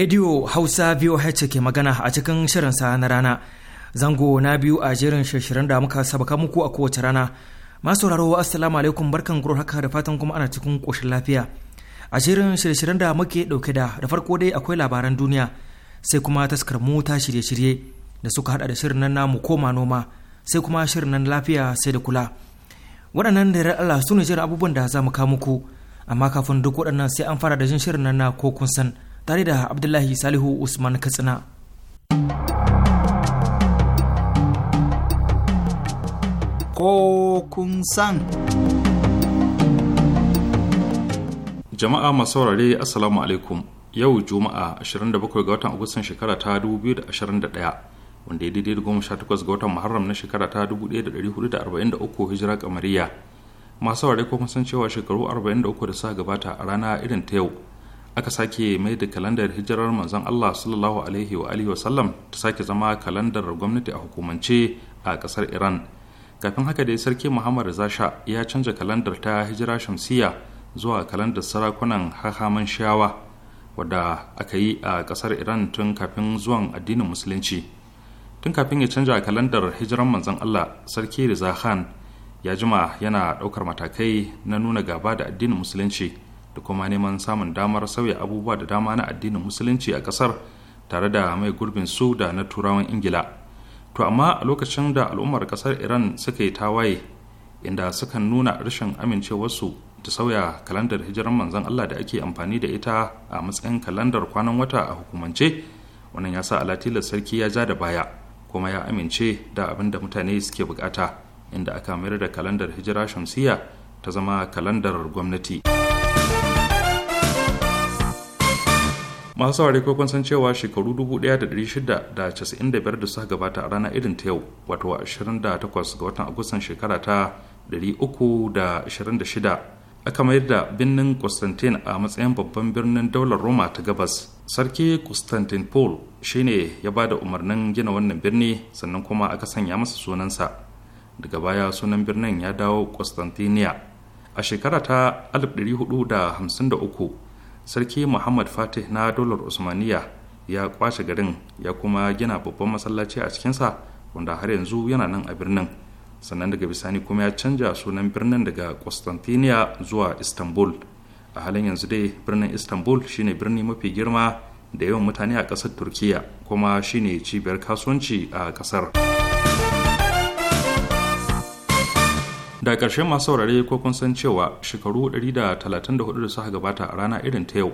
Radio Hausa VOH ke magana a cikin shirin sa na rana. Zango na biyu a jerin shirin da muka sabaka muku a kowace rana. Masu sauraro assalamu alaikum barkan guro haka da fatan kuma ana cikin koshin lafiya. A jerin shirin da muke dauke da da farko dai akwai labaran duniya sai kuma taskar mu ta shirye-shirye da suka hada da shirin nan namu koma noma sai kuma shirin nan lafiya sai da kula. Waɗannan da Allah su ne jerin abubuwan da za mu kawo muku amma kafin duk waɗannan sai an fara da jin shirin nan na ko kun san. tare da abdullahi salihu usman katsina ko kun san jama'a masu saurare assalamu alaikum yau juma'a 27 ga watan agustan shekara ta 2021 wanda ya daidai da 18 ga watan muharram na shekara ta 1443 hijira kamariya masu saurare kuma san cewa shekaru 43 da sa gabata a rana irin ta yau aka sake mai da kalandar hijirar manzon Allah sallallahu alaihi wa alihi wasallam ta sake zama kalandar gwamnati a hukumance a kasar Iran kafin haka dai sarki Muhammad Zasha ya canza kalandar ta hijira shamsiya zuwa kalandar sarakunan hahaman shawa wadda aka yi a kasar Iran tun kafin zuwan addinin musulunci tun kafin ya canza kalandar hijiran manzon Allah sarki Reza Khan ya jima yana ɗaukar matakai na nuna gaba da addinin musulunci da kuma neman samun damar sauya abubuwa da dama na addinin musulunci a kasar tare da mai gurbin su da na turawan ingila to amma a lokacin da al'ummar kasar iran suka yi tawaye inda suka nuna rashin amincewarsu da sauya kalandar hijiran manzon allah da ake amfani da ita a matsayin kalandar kwanan wata a hukumance wannan ya sa alatilar sarki ya ja da baya kuma ya amince da abin da mutane suke bukata inda aka mayar da kalandar hijira shamsiya ta zama kalandar gwamnati. masu saurari ko san cewa shekaru 1695 da suka gabata a rana irin ta yau wato 28 ga watan agustan shekara ta 326 aka mayar da birnin constantine a matsayin babban birnin daular roma ta gabas sarki paul shine ya ba da umarnin gina wannan birni sannan kuma aka sanya masa sunansa daga baya sunan birnin ya dawo constantinia a shekara ta 1453 sarki muhammad fatih na dolar usmaniya ya kwace garin ya kuma gina babban masallaci a cikinsa wanda har yanzu yana nan a birnin sannan daga bisani kuma ya canja sunan birnin daga constantinople zuwa istanbul a halin yanzu dai birnin istanbul shine birni mafi girma da yawan mutane a ƙasar turkiya kuma shine cibiyar kasuwanci a ƙasar. da ƙarshe masu saurare ko kun san cewa shekaru 134 da suka gabata a rana irin ta yau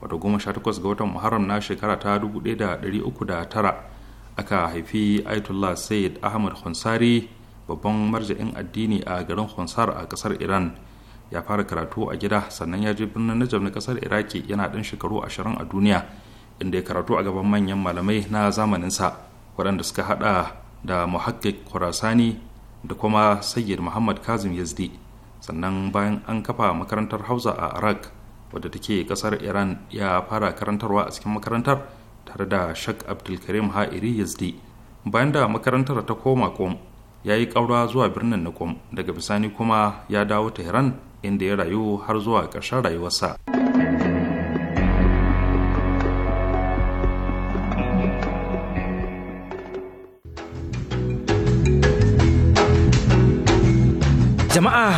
wato takwas ga watan muharram na shekara ta 1309 aka haifi ayatollah sayyid ahmad khonsari babban marja'in addini a garin khonsar a kasar iran ya fara karatu a gida sannan ya je birnin najab na kasar iraki yana ɗan shekaru 20 a duniya inda ya karatu a gaban manyan malamai na zamaninsa waɗanda suka haɗa da muhakkik khurasani da kuma sayyid muhammad kazim yazdi sannan bayan an kafa makarantar hausa a iraq wadda take kasar iran ya fara karantarwa a cikin makarantar tare da shak abdulkarim ha'iri yazdi bayan da makarantar ta koma kom ya yi ƙaura zuwa birnin na kom daga bisani kuma ya dawo tehran inda ya rayu har zuwa ƙarshen rayuwarsa.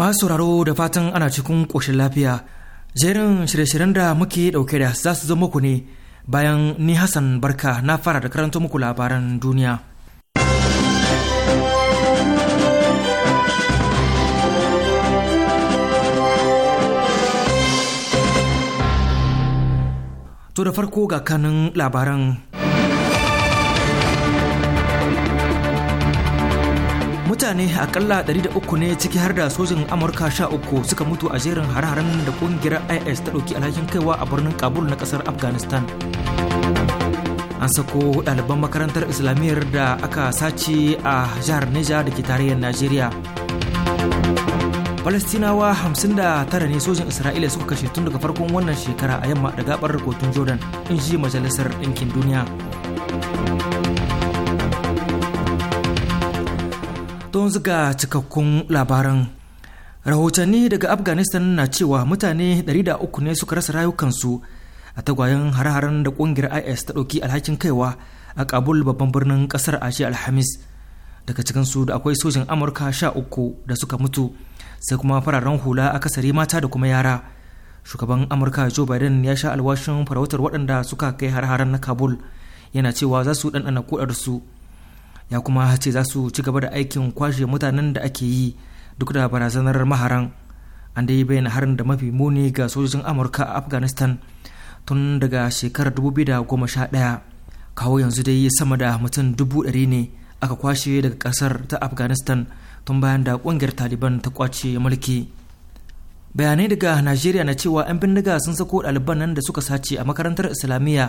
masu sauraro da fatan ana cikin ƙoshin lafiya jerin shirye-shiryen da muke ɗauke da za su zo muku ne bayan ni hassan barka na fara da karanta muku labaran duniya to da farko ga kanin labaran mutane akalla 300 ne ciki har da sojin amurka 13 suka mutu a jerin hare-haren da kungiyar is ta dauki alhakin kaiwa a birnin kabul na kasar afghanistan an sako ɗaliban makarantar islamiyyar da aka sace a jihar neja da ke tarayyar najeriya falastinawa 59 ne sojin isra'ila suka kashe tun daga farkon wannan shekara a yamma da gabar kotun jordan in ji majalisar ɗinkin duniya don zuga cikakkun labaran rahotanni daga afghanistan na cewa mutane 300 ne suka rasa rayukansu a tagwayen har haren da kungiyar is ta ɗauki alhakin kaiwa a kabul babban birnin kasar ashe alhamis daga cikinsu da akwai sojin amurka sha da suka mutu sai kuma fararen hula a kasari mata da kuma yara shugaban amurka joe biden ya sha alwashin farautar waɗanda suka kai har-haren na kabul yana cewa za su ɗanɗana su ya kuma ce za su ci gaba da aikin kwashe mutanen da ake yi duk da barazanar maharan an dai bayyana harin da mafi muni ga sojojin amurka a afghanistan tun daga shekarar 2011 kawo yanzu dai sama da mutum dubu ɗari ne aka kwashe daga ƙasar ta afghanistan tun bayan da ƙungiyar taliban ta kwace mulki bayanai daga najeriya na cewa 'yan bindiga sun sako ɗaliban nan da suka sace a makarantar islamiyya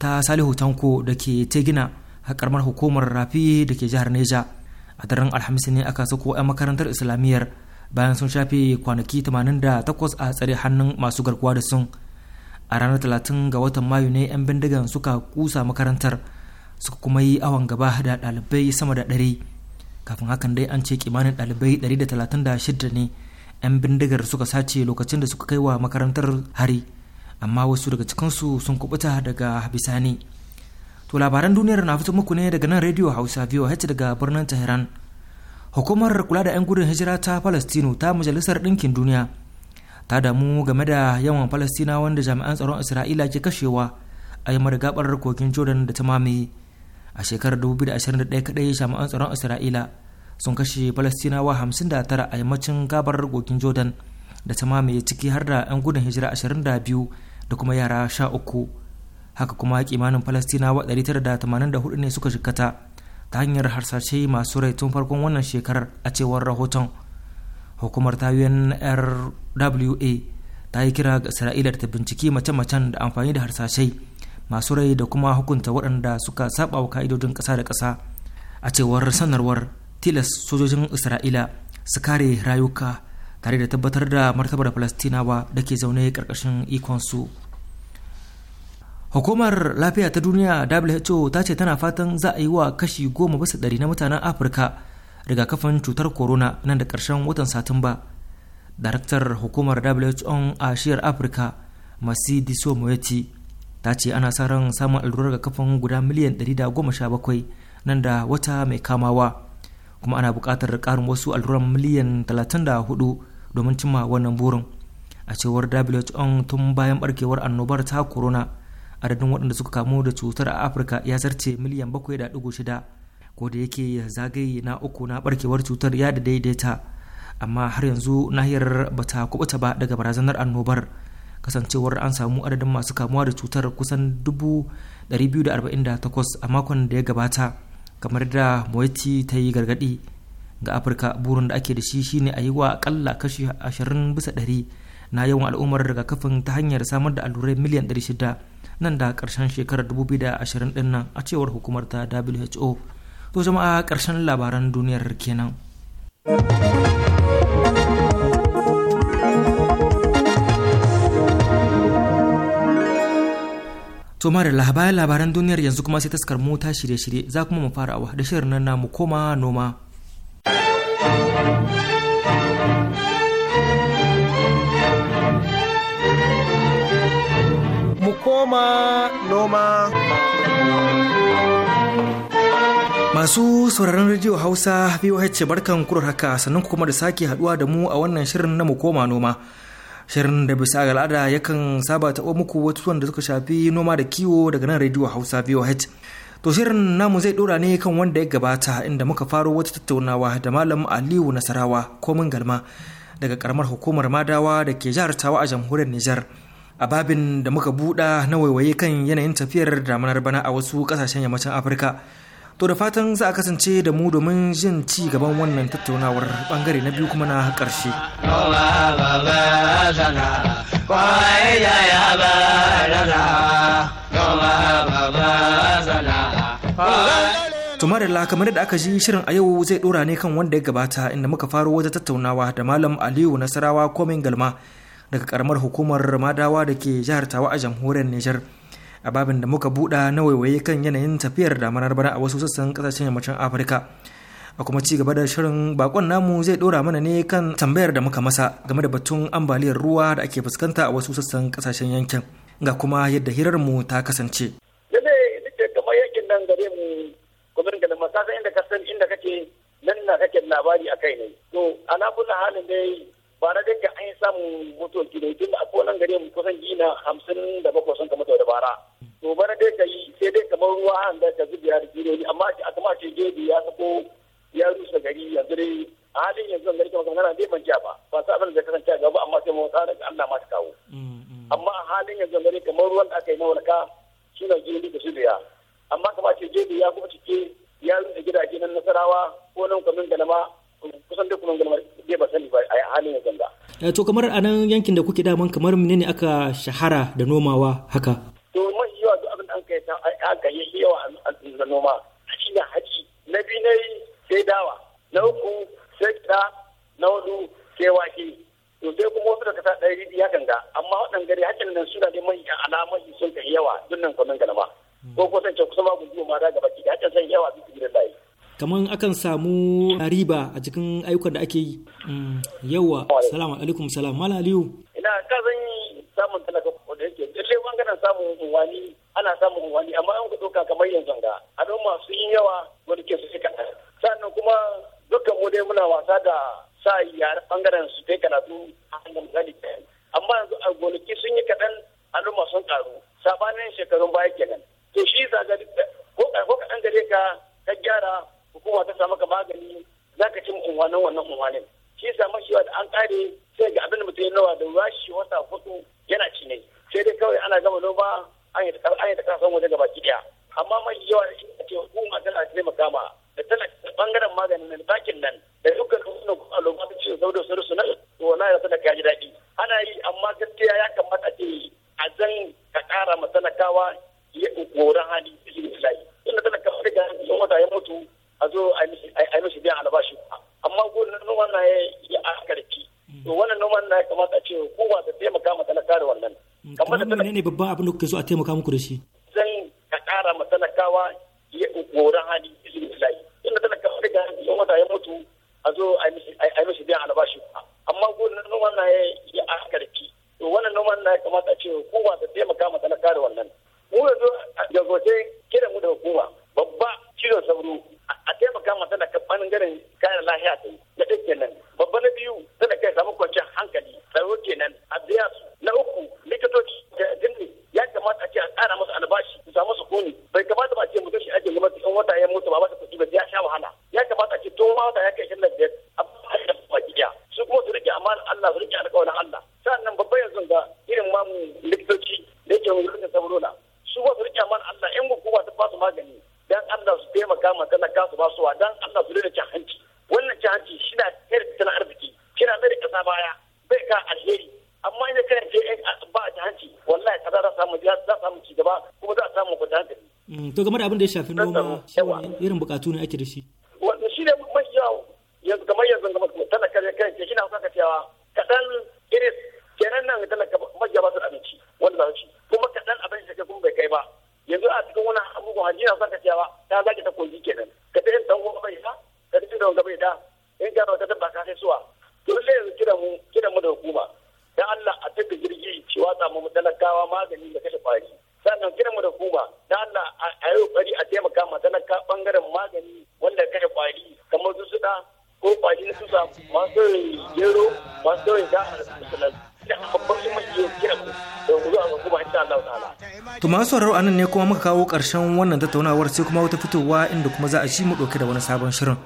ta salihu tanko da ke tegina karamar hukumar rafi da ke jihar neja a daren alhamis ne aka sako 'yan makarantar islamiyyar bayan sun shafe kwanaki 88 a tsare hannun masu garkuwa da sun a ranar 30 ga watan mayu ne 'yan bindigan suka kusa makarantar suka kuma yi awon gaba da dalibai sama da ɗari kafin hakan dai an ce kimanin ɗalibai 136 ne 'yan bindigar suka sace lokacin da suka kai wa makarantar hari amma wasu daga cikinsu sun kubuta daga bisani To labaran duniyar na fito muku ne daga nan Radio Hausa VOH daga birnin Tehran. Hukumar kula da 'yan gudun hijira ta Falastinu ta Majalisar Ɗinkin Duniya ta damu game da yawan Falastina wanda jami'an tsaron Isra'ila ke kashewa a yi gabar kogin Jordan da ta mamaye. A shekarar 2021 kaɗai jami'an tsaron Isra'ila sun kashe Falastinawa 59 a yammacin gabar kogin Jordan da ta mamaye ciki har da 'yan gudun hijira 22 da kuma yara sha uku. haka kuma kimanin falastinawa 984 ne suka jikkata ta hanyar harsashe masu rai tun farkon wannan shekarar a cewar rahoton hukumar ta unrwa ta yi kira ga isra'ila ta binciki mace-macen da amfani da harsashe masu rai da kuma hukunta waɗanda suka saba wa ka'idodin ƙasa da ƙasa a cewar sanarwar tilas sojojin isra'ila su kare rayuka tare da tabbatar da martabar falastinawa da ke zaune ƙarƙashin ikonsu. su hukumar lafiya ta duniya who ta ce tana fatan za a yi wa kashi goma bisa ɗari na mutanen afirka rigakafin cutar corona nan da ƙarshen watan satumba daraktar hukumar who a shiyar afirka masu diso ta ce ana sa ran samun allurar rigakafin guda miliyan 117 nan da wata mai kamawa kuma ana buƙatar ƙarin wasu alluran miliyan 34 domin cimma wannan burin a cewar who tun bayan barkewar annobar ta corona adadin waɗanda suka kamu da cutar a afirka ya zarce miliyan shida ko da yake zagaye na uku na barkewar cutar ya da daidaita amma har yanzu nahiyar bata kubuta ba daga barazanar annobar kasancewar an samu adadin masu kamuwa da cutar kusan 248 a makon da ya gabata kamar da moiti ta yi gargadi ga afirka burin da ake da shi shine a yi wa akalla kashi ashirin bisa ɗari na yawan al'ummar rigakafin ta hanyar samar da allurai miliyan 600 nan da karshen shekarar 2020 din nan a cewar hukumar ta WHO to jama'a karshen labaran duniyar kenan. To da bayan labaran duniyar yanzu kuma sai taskar mu ta shirye-shirye za kuma mu fara da shirin nan namu koma noma. noma noma. Masu sauraron rediyo Hausa VOH barkan kurar haka sannan kuma da sake haduwa da mu a wannan shirin na mu koma noma. Shirin da bisa ga al'ada yakan saba taɓa muku watutuwan da suka shafi noma da kiwo daga nan rediyo Hausa VOH. To shirin namu zai ɗora ne kan wanda ya gabata inda muka faro wata tattaunawa da Malam Aliyu Nasarawa komin galma daga karamar hukumar Madawa da ke jihar Tawa a jamhuriyar Nijar. a babin da muka buɗa na waiwaye kan yanayin tafiyar damanar bana a wasu ƙasashen yammacin afirka to da fatan za a kasance da mu domin jin ci gaban wannan tattaunawar bangare na biyu kuma na ƙarshe da kamar da aka ji shirin a yau zai dora ne kan wanda ya gabata inda muka faro wata tattaunawa da malam aliyu nasarawa komin galma daga karamar hukumar madawa da ke jihar tawa a jamhuriyar nijar a babin da muka buɗa na waiwaye kan yanayin tafiyar da damanar bana a wasu sassan kasashen yammacin afirka a kuma ci gaba da shirin bakon namu zai ɗora mana ne kan tambayar da muka masa game da batun ambaliyar ruwa da ake fuskanta a wasu sassan kasashen yankin ga kuma yadda hirar mu ta kasance nan gare mu da inda kake nan na kake labari a kai ne to ana kula halin dai bara na ke an samu mutuwar gida tun da akwai nan gare mu kusan gina hamsin da bakwai sun kamata da bara to bara dai ka yi sai dai kamar ruwa an da ka zubiya da gidoni amma a kama ce gebe ya sako ya rusa gari yanzu dai a halin yanzu an gari kamar kamar dai ban ja ba ba sa abin da kasance a gaba amma sai mu tsara daga Allah ma ta kawo mm, mm. amma a halin yanzu gari kamar ruwan da aka yi mawarka suna gini da zubiya amma kama ce gebe ya kuma cike ya rusa gidaje nan nasarawa ko nan kwamin galama kusan da kunan gulmar bai ba sani ba a halin yanzu ba. Eh, to kamar a nan yankin da kuke daman kamar ne aka shahara da nomawa haka. to mafi yawa duk abin da an kai ta aka yi yawa a noma shi ne haji na biyu na yi sai dawa na uku sai ta na hudu sai wake to sai kuma wasu daga sa ɗari ya ganga amma waɗanda gari hakan nan suna da mai alama sun kai yawa dunnan kwanan galama ko kusan ce kusa ma gudu ma da gaba ki hakan san yawa su da layi kamar akan samu riba a cikin ayyukan da ake yi mm, yawa salamu alaikum salam mala aliyu ina ka zan yi samun talaka da yake lalle bangaren samun wani ana samun wani amma an ku ɗauka kamar yanzu ga al'umma masu yi yawa wanda ke su kaɗan sannan kuma dukkan mu dai muna wasa da sa yare bangaren su kai karatu a hannun misali amma yanzu a gonaki sun yi kaɗan al'umma sun ƙaru sabanin shekarun baya kenan to shi zaga ko kaɗan gare ka ka gyara yunwa ta samu ka magani za ka ci unwanin wannan unwanin shi samu mashiwa da an kare sai ga abin da mutum ya nawa da rashi wata hudu yana ci ne sai dai kawai ana gama noma an yi ta kasan waje gaba ki daya ne babban abin da kuke so a taimaka muku da shi zan ka kara ma talakawa goran hali ilimin ilahi inda talakawa daga yan wata ya mutu a zo a yi mishi biyan albashi amma gonan noman na ya a karki to wannan noman na ya kamata a ce hukuma ta taimaka ma talaka da wannan mu a jagoce kiran mu da hukuma babba cizon sauro a taimaka ma talaka ɓangaren kayan lahiya ta yi na ɗaya kenan babba na biyu talaka ya samu kwanciyar hankali Sauro kenan to game da abin da ya shafi noma irin bukatu ne ake da shi wanda shi ne mai yawo yanzu kamar yanzu kamar kare kai ke shi na saka cewa kadan iris kenan nan talaka majiya ba su abinci wanda za su ci kuma kadan abin da kuma bai kai ba yanzu a cikin wani abubuwan hajji na saka cewa ta zaki ta koyi kenan To masu sauraro anan ne kuma muka kawo ƙarshen wannan tattaunawar sai kuma wata fitowa inda kuma za a ji mu ɗauke da wani sabon shirin.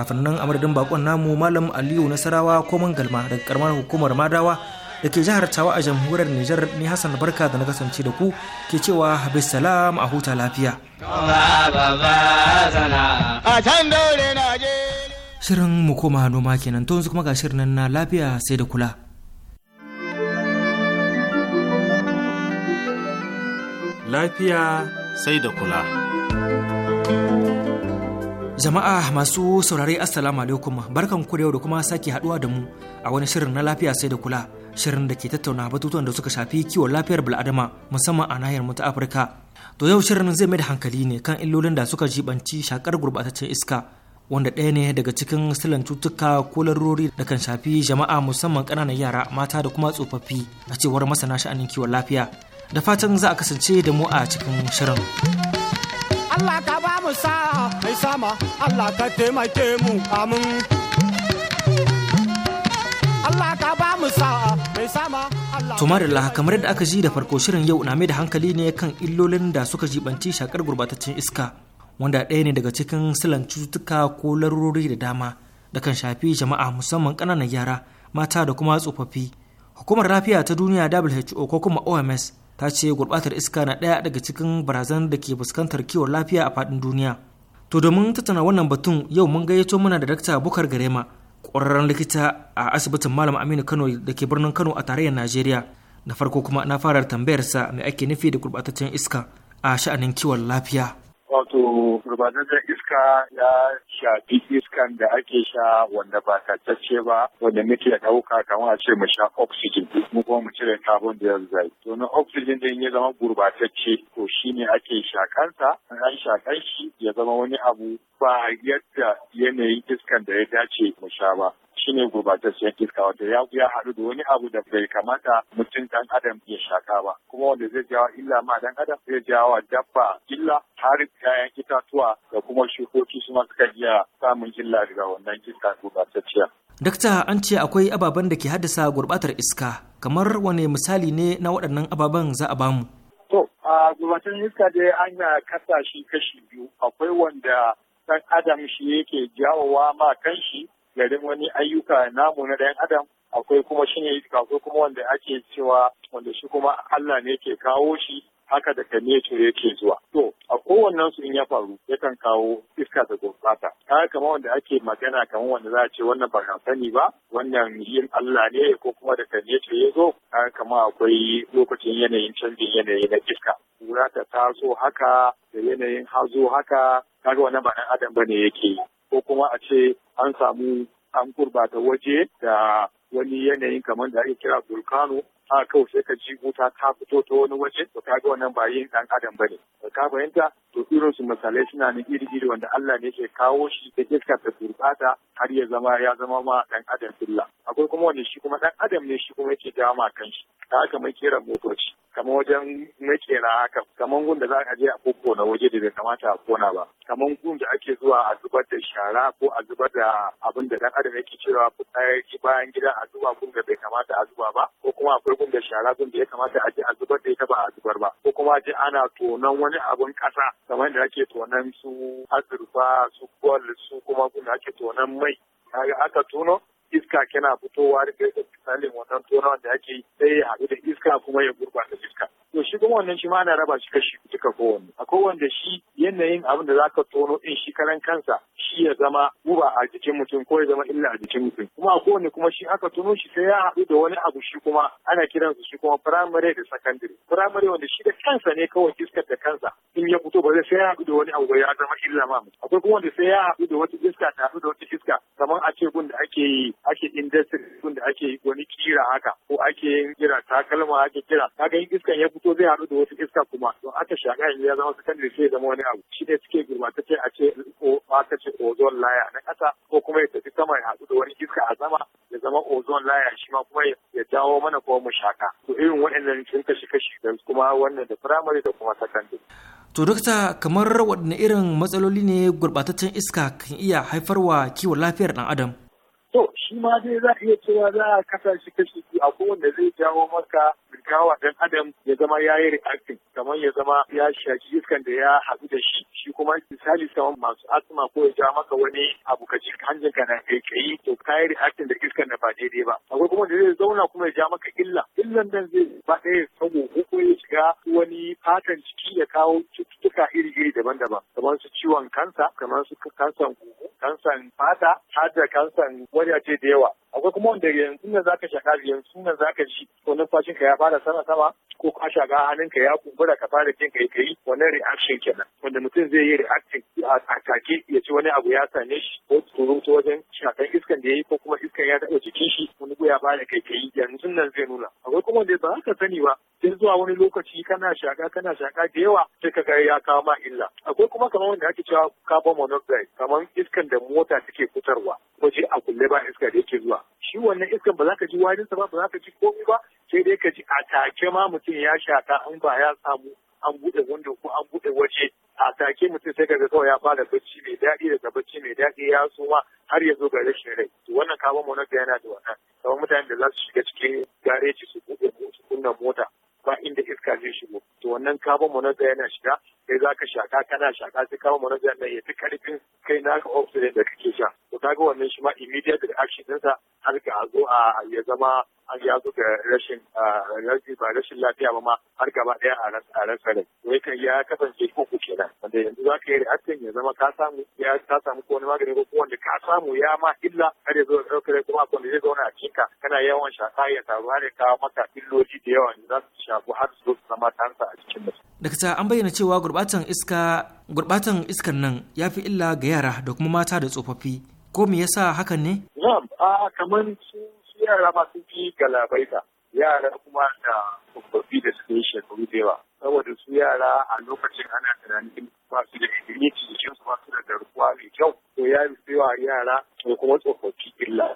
Kafin nan a madadin bakon namu Malam Aliyu Nasarawa ko Mangalma daga karamar hukumar Madawa da ke jihar Tawa a jamhuriyar Nijar ni Hassan Barka da na kasance da ku ke cewa habis salam a huta lafiya. Shirin mu koma noma kenan to yanzu kuma ga shirin na lafiya sai da kula. lafiya sai da kula. Jama'a masu saurare Assalamu alaikum barkan ku da kuma sake haɗuwa da mu a wani shirin na lafiya sai da kula shirin da ke tattauna batutuwan da suka shafi kiwon lafiyar bil'adama musamman a nahiyar mu ta Afirka. To yau shirin zai mai da hankali ne kan illolin da suka jibanci shakar gurbataccen iska wanda ɗaya ne daga cikin silan cutuka ko larurori da kan shafi jama'a musamman ƙananan yara mata da kuma tsofaffi a cewar masana sha'anin kiwon lafiya. da fatan za a kasance da mu a cikin shirin. Allah ka ba mu sa'a mai sama Allah ka taimake mu amin. Allah ka ba mu sa'a mai sama Tumarilla kamar yadda aka ji da farko shirin yau na mai da hankali ne kan illolin da suka jibanci shakar gurbataccen iska wanda ɗaya ne daga cikin silan cututtuka ko larurori da dama da kan shafi jama'a musamman ƙananan yara mata da kuma tsofaffi hukumar lafiya ta duniya WHO ko kuma OMS ta ce gurbatar iska na ɗaya daga cikin barazan da ke fuskantar kiwon lafiya a faɗin duniya to domin tattauna wannan batun yau mun gayyato mana da dakta bukar garema ƙwararren likita a asibitin malam aminu kano da ke birnin kano a tarayyar najeriya na farko kuma na fara tambayarsa mai ake nufi da gurbataccen iska a sha'anin kiwon lafiya wato gurbataccen iska ya duk iskan da ake sha wanda ba tatacce ba wanda muke ɗauka kamar a ce mu sha oxygen mu kuma mu cire carbon dioxide to na oxygen din ya zama gurbatacce to shine ake shakansa an shakan shi ya zama wani abu ba yadda yanayin iskan da ya dace mu sha ba shine gurbatacciyar iska wanda ya ya haɗu da wani abu da bai kamata mutum dan adam ya shaka ba kuma wanda zai jawo illa ma dan adam zai jawo dabba illa har kayan itatuwa da kuma shukoki su ma suka iya iya samun illa daga wannan iska gurɓatacciya. Dakta an ce akwai ababen da ke haddasa gurɓatar iska kamar wane misali ne na waɗannan ababen za a bamu. To, a gurɓatar iska dai an kasa shi kashi biyu akwai wanda ɗan adam shi yake jawowa ma kanshi garin wani ayyuka namu na ɗan adam akwai kuma shine iska akwai kuma wanda ake cewa wanda shi kuma Allah ne ke kawo shi haka daga nature yake zuwa to a kowannen su in ya faru yakan kawo iska da gurbata kaga kamar wanda ake magana kamar wanda za a ce wannan ba kan sani ba wannan yin Allah ne ko kuma daga nature ya zo kaga kamar akwai lokacin yanayin canjin yanayi na iska kura ta taso haka da yanayin hazo haka kaga wannan ba dan adam ne yake yi ko kuma a ce an samu an gurbata waje da wani yanayin kamar da ake kira vulcano a kawai sai ka ji wuta ta fito ta wani waje to ka ga wannan ba yin dan adam bane ka fahimta to irin su misalai suna nan iri iri wanda Allah ne ke kawo shi da iska ta turbata har ya zama ya zama ma dan adam billa akwai kuma wanda shi kuma dan adam ne shi kuma yake ma kanshi ta haka mai kera motoci kamar wajen makera haka kamar gun da za a je a na waje da bai kamata a kona ba kamar gun da ake zuwa a zubar da shara ko a zubar da abin da dan adam yake cewa fitsari bayan gida a zuba gun da bai kamata a zuba ba ko kuma akwai akwai da shara gun da ya kamata a je a zubar da ita ba a zubar ba ko kuma je ana tonon wani abun kasa kamar da ake tonon su azurfa su gol su kuma gun da ake tonon mai kaga aka tono iska yana fitowa da kai da misalin wannan tonawan da ake sai ya haɗu da iska kuma ya gurɓata iska. To shi kuma wannan shi ma ana raba shi kashi duka kowanne. Akwai wanda shi yanayin abin da zaka tono ɗin shi karan kansa shi ya zama guba a jikin mutum ko ya zama illa a jikin mutum. Kuma a kowanne kuma shi aka tono shi sai ya haɗu da wani abu shi kuma ana kiransa shi kuma firamare da sakandare. Firamare wanda shi da kansa ne kawai iskar da kansa in ya fito ba zai sai ya haɗu da wani abu ba ya zama illa ma akwai kuma wanda sai ya haɗu da wata iska ta haɗu da wata iska kamar a ce gun da ake yi ake industry gun da ake wani kira haka ko ake yin kira takalma ake kira kaga in iskan ya fito zai haɗu da wata iska kuma don aka shaka in ya zama sakandare sai ya zama wani abu shi ne suke gurbatacce a ce ko ta ce ozone layer na ƙasa ko kuma ya tafi sama ya haɗu da wani iska a sama ya zama ozone layer shi ma kuma ya jawo mana kuma mu shaka to irin waɗannan sun kashi kashi kuma wannan da primary da kuma secondary To dokta kamar waɗanne irin matsaloli ne gurɓataccen iska kan iya haifarwa kiwon lafiyar ɗan adam? To shi ma dai za a iya cewa za a kasa shi kashi biyu akwai wanda zai jawo maka kawa dan adam ya zama ya yi reacting kamar ya zama ya shaki iskan da ya haɗu da shi shi kuma misali kamar masu asma ko ya ja maka wani abu ka ji hanjin ka na kai to ka yi reacting da iskan da ba daidai ba akwai kuma da zai zauna kuma ya ja maka illa illan nan zai ba ɗaya sabo ko ya shiga wani fatan ciki ya kawo cututtuka iri-iri daban-daban kamar su ciwon kansa kamar su kansan kuhu kansan fata har da kansan wajaje da yawa akwai kuma wanda yanzu nan zaka shaka yanzu nan zaka ji ko numfashin ka ya fara sama sama ko ka shaka hannun ka ya kumbura ka fara jin kai kai wannan reaction kenan wanda mutum zai yi reaction a take ya ci wani abu ya same shi ko tsoro ta wajen shakan iskan da ya yi ko kuma iskan ya taɓa jikin shi wani ya fara kai kai yanzu nan zai nuna akwai kuma wanda ba ka sani ba sai zuwa wani lokaci kana shaka kana shaka da yawa sai ka ga ya kawo ma illa akwai kuma kamar wanda ake cewa carbon monoxide kamar iskan da mota take fitarwa waje a kulle ba iska da yake zuwa shi wannan iskan ba za ka ji warinsa ba ba za ka ji komai ba sai dai ka ji a take ma mutum ya shaka an ba ya samu an bude wanda ko an bude waje a take mutum sai ga kawai ya fara bacci mai daɗi daga bacci mai daɗi ya suma har ya zo ga rashin rai to wannan kawo monoga yana da wannan kamar mutane da za su shiga cikin gareji su buɗe su kunna mota ba inda iska zai shigo to wannan carbon monoxide yana shiga kai za ka shaka kana shaka sai carbon monoxide nan ya fi karfin kai naka oxygen da kake sha to kaga wannan shi ma immediate reaction ɗinsa har ka zo a ya zama an ya zo da rashin ba rashin lafiya ba ma har gaba ɗaya a rasa rai wai kan ya kasance uku kenan wanda yanzu za ka yi reaction ya zama ka samu ya ka samu ko wani magani ko wanda ka samu ya ma illa har ya zo da ɗaukar kuma akwai zai zauna a cikin ka kana yawan shaƙa ya taru har ya kawo maka illoli da yawa za su shafu har su zo su zama tansa a cikin mutum. ta an bayyana cewa gurbatan iska gurbatan iskar nan ya fi illa ga yara da kuma mata da tsofaffi ko me yasa hakan ne? Na'am, a kamar yara ma sun fi galabaita yara kuma da tsofaffi da suka yi shekaru da yawa saboda su yara a lokacin ana tunanin ba su da ilimi da su ba su da garkuwa mai kyau to ya fi yawa yara ko kuma tsofaffi illa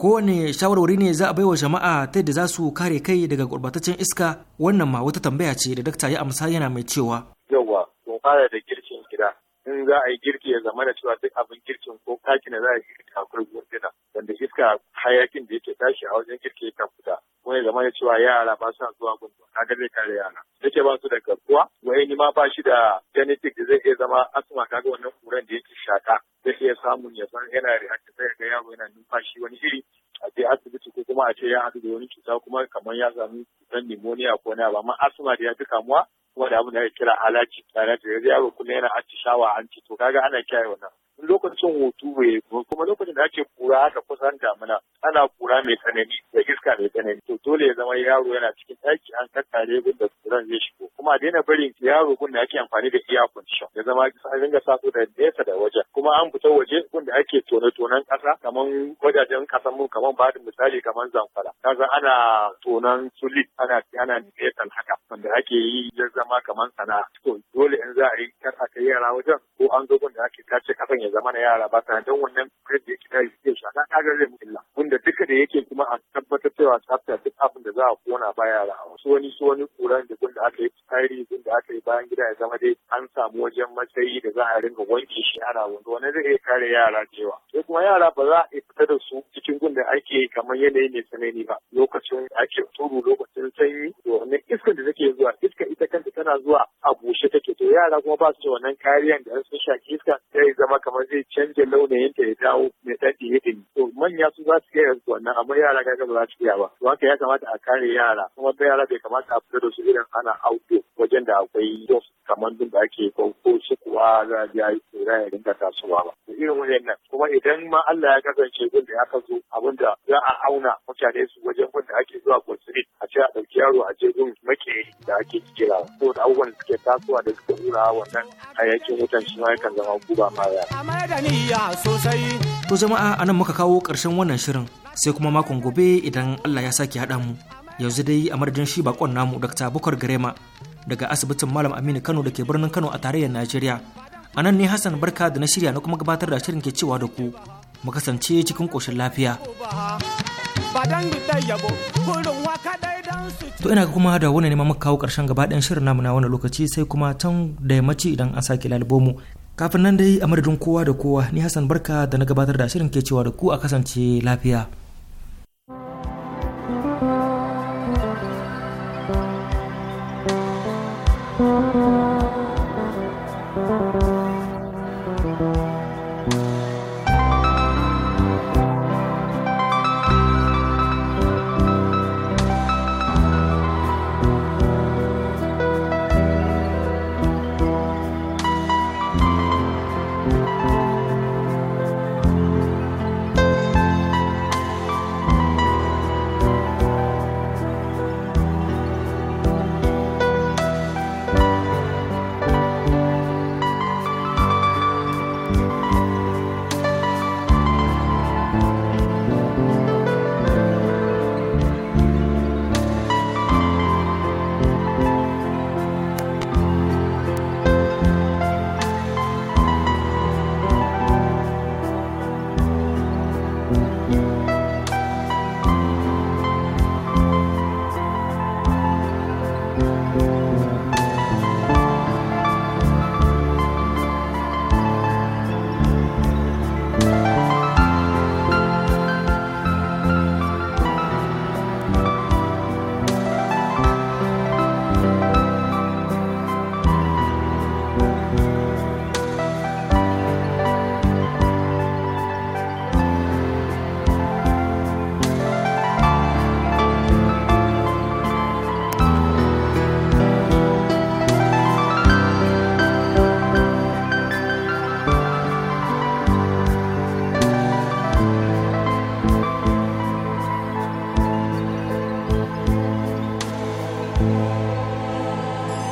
kowane shawarwari ne za a baiwa jama'a ta yadda za su kare kai daga gurbataccen iska wannan ma wata tambaya ce da dakta ya amsa yana mai cewa Yawwa, to fara da girkin gida in za a yi girki ya zama da cewa duk abin girkin ko kakin da za a yi girki akwai gurgina wanda iska hayakin da yake tashi a wajen girki kan fita wani zama ya cewa yara ba sa zuwa Na ga zai kare yara yake ba su da garkuwa ni ma ba shi da genetic da zai iya zama asma kaga wannan kuran da yake shaka zai iya samun ya san yana react sai ga yaro yana numfashi wani iri a je asibiti ko kuma a ce ya haɗu da wani cuta kuma kamar ya samu cutar pneumonia ko na ba amma asma da ya fi kamuwa kuma da abin da ya kira alaci tare da yaro kuma yana atishawa an ci to kaga ana kiyaye wannan lokacin hutu bai kuma lokacin da ake kura aka kusan damina ana kura mai tsanani da iska mai tsanani to dole ya zama yaro yana cikin ɗaki an kakkare gun da kuran zai shigo kuma a daina barin yaro gun da ake amfani da iya condition ya zama an dinga sa su da nesa da wajen kuma an fita waje gun da ake tone-tonen ƙasa kamar wajajen ƙasa mu kamar ba da misali kamar zamfara kaza ana tonan su ana ana nesan haka wanda ake yi ya zama kamar sana'a to dole in za a yi kar aka yi yara wajen ko an zo gun da ake tace kasan ya zama na yara ba sanadin wannan kudin da yake ta yi zai shaka kaga zai mu illa abin da duka da yake kuma a tabbatar cewa tsafta duk abin da za a kona ba yara a wasu wani su wani kura da gunda aka yi tsari gun aka yi bayan gida ya zama dai an samu wajen matsayi da za a ringa wanke shi ana wanda wani zai iya kare yara cewa sai kuma yara ba za a iya fita da su cikin gun da ake yi kamar yanayi mai tsanani ba lokacin ake turu lokacin sanyi domin iskar da take zuwa iska ita kanta tana zuwa a bushe take to yara kuma ba su da wannan kariyan da su shaki iska sai zama kamar zai canja launayin ta ya dawo mai dan dihidin to manya su za su iya yanzu wannan amma yara kaga ba za su iya ba to haka ya kamata a kare yara kuma yara bai kamata a fita da su irin ana auto wajen da akwai dos kamar din da ake ko su kuwa za a yi tsira ya dinga tasowa ba irin wannan kuma idan ma Allah ya kasance gun da ya kaso abinda za a auna mutane su wajen wanda ake zuwa ko a ce a ɗauki yaro a je gun makeri da ake kira ko da abubuwan suke da tasowa da suka hura wannan hayakin wutan shi ma yakan zama guba ma ya. To jama'a a nan muka kawo ƙarshen wannan shirin sai kuma makon gobe idan Allah ya sake haɗa mu. Yanzu dai a madadin shi bakon namu Dr. Bukar Garema daga asibitin Malam Aminu Kano da ke birnin Kano a tarayyar Najeriya. A nan ne Hassan Barka da na shirya na kuma gabatar da shirin ke cewa da ku mu kasance cikin ƙoshin lafiya. dan da yabo, waka to ina kuma da wani neman muka kawo karshen gaba ɗayan shirin namu na wani lokaci sai kuma can da ya mace idan an sake lalubo kafin nan dai a madadin kowa da kowa ni hassan barka da na gabatar da shirin ke cewa da ku a kasance lafiya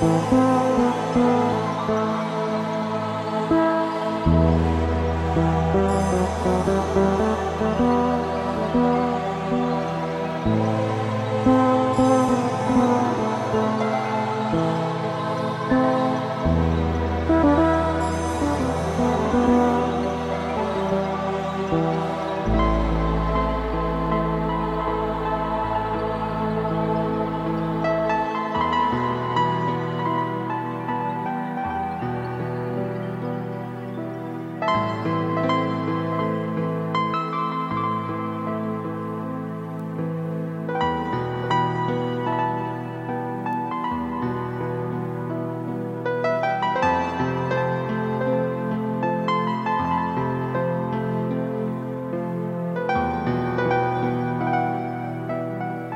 Thank you.